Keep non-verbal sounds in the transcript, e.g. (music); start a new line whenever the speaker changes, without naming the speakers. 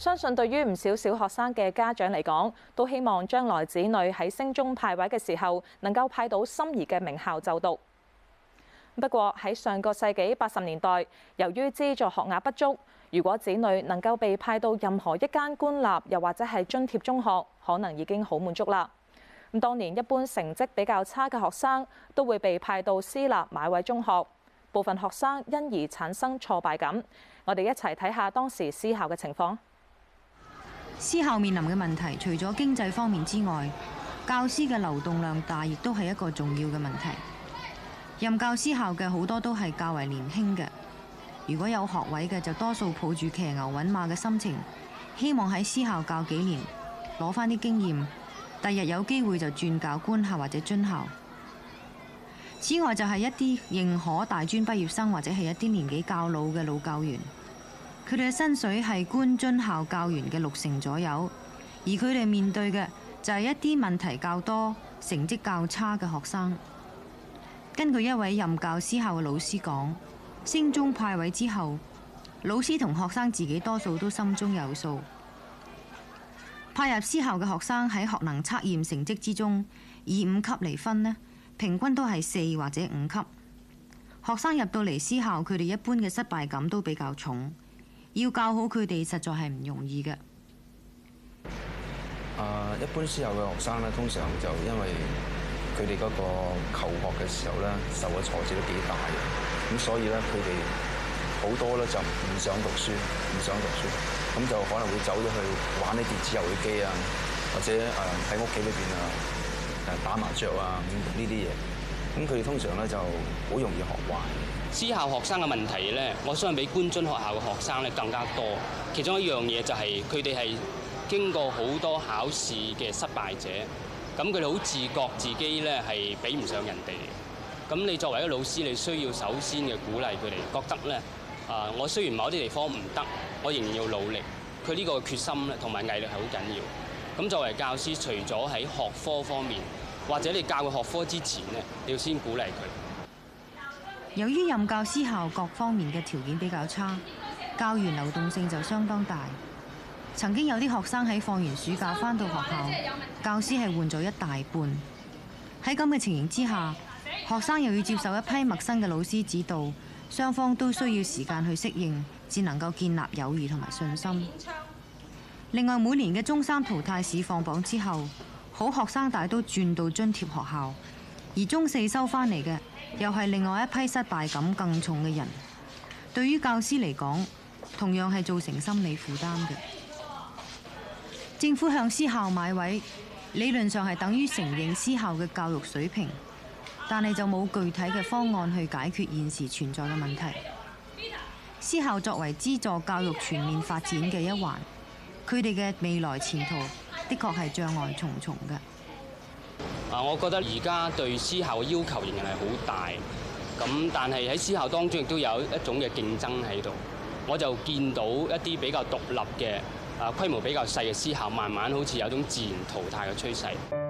相信對於唔少小學生嘅家長嚟講，都希望將來子女喺升中派位嘅時候，能夠派到心儀嘅名校就讀。不過喺上個世紀八十年代，由於資助學額不足，如果子女能夠被派到任何一間官立又或者係津貼中學，可能已經好滿足啦。咁當年一般成績比較差嘅學生都會被派到私立買位中學，部分學生因而產生挫敗感。我哋一齊睇下當時私校嘅情況。
私校面臨嘅問題，除咗經濟方面之外，教師嘅流動量大，亦都係一個重要嘅問題。任教私校嘅好多都係較為年輕嘅，如果有學位嘅就多數抱住騎牛揾馬嘅心情，希望喺私校教幾年，攞翻啲經驗，第日有機會就轉教官校或者津校。此外，就係一啲認可大專畢業生或者係一啲年紀較老嘅老教員。佢哋嘅薪水係官津校教員嘅六成左右，而佢哋面對嘅就係一啲問題較多、成績較差嘅學生。根據一位任教私校嘅老師講，升中派位之後，老師同學生自己多數都心中有數。派入私校嘅學生喺學能測驗成績之中，以五級嚟分呢，平均都係四或者五級。學生入到嚟私校，佢哋一般嘅失敗感都比較重。要教好佢哋實在係唔容易嘅。
啊，一般私校嘅學生咧，通常就因為佢哋嗰個求學嘅時候咧，受嘅挫折都幾大嘅，咁所以咧佢哋好多咧就唔想讀書，唔想讀書，咁就可能會走咗去玩啲電子遊戲機啊，或者誒喺屋企裏邊啊誒打麻雀啊咁呢啲嘢。咁佢哋通常咧就好容易學壞。
私校學生嘅問題咧，我相信比官津學校嘅學生咧更加多。其中一樣嘢就係佢哋係經過好多考試嘅失敗者，咁佢哋好自覺自己咧係比唔上人哋。咁你作為一個老師，你需要首先嘅鼓勵佢哋，覺得咧啊，我雖然某啲地方唔得，我仍然要努力。佢呢個決心咧同埋毅力係好緊要。咁作為教師，除咗喺學科方面，或者你教佢學科之前呢，你要先鼓勵佢。
由於任教師校各方面嘅條件比較差，教員流動性就相當大。曾經有啲學生喺放完暑假翻到學校，教師係換咗一大半。喺咁嘅情形之下，學生又要接受一批陌生嘅老師指導，雙方都需要時間去適應，只能夠建立友誼同埋信心。另外，每年嘅中三淘汰試放榜之後。好學生大都轉到津貼學校，而中四收返嚟嘅又係另外一批失敗感更重嘅人。 (noise) 對於教師嚟講，同樣係造成心理負擔嘅。政府向私校買位，理論上係等於承認私校嘅教育水平，但係就冇具體嘅方案去解決現時存在嘅問題 model,、no。私校作為資助教育全面發展嘅一環，佢哋嘅未來前途。的確係障礙重重嘅。
啊，我覺得而家對私校嘅要求仍然係好大。咁，但係喺私校當中亦都有一種嘅競爭喺度。我就見到一啲比較獨立嘅啊，規模比較細嘅私校，慢慢好似有種自然淘汰嘅趨勢。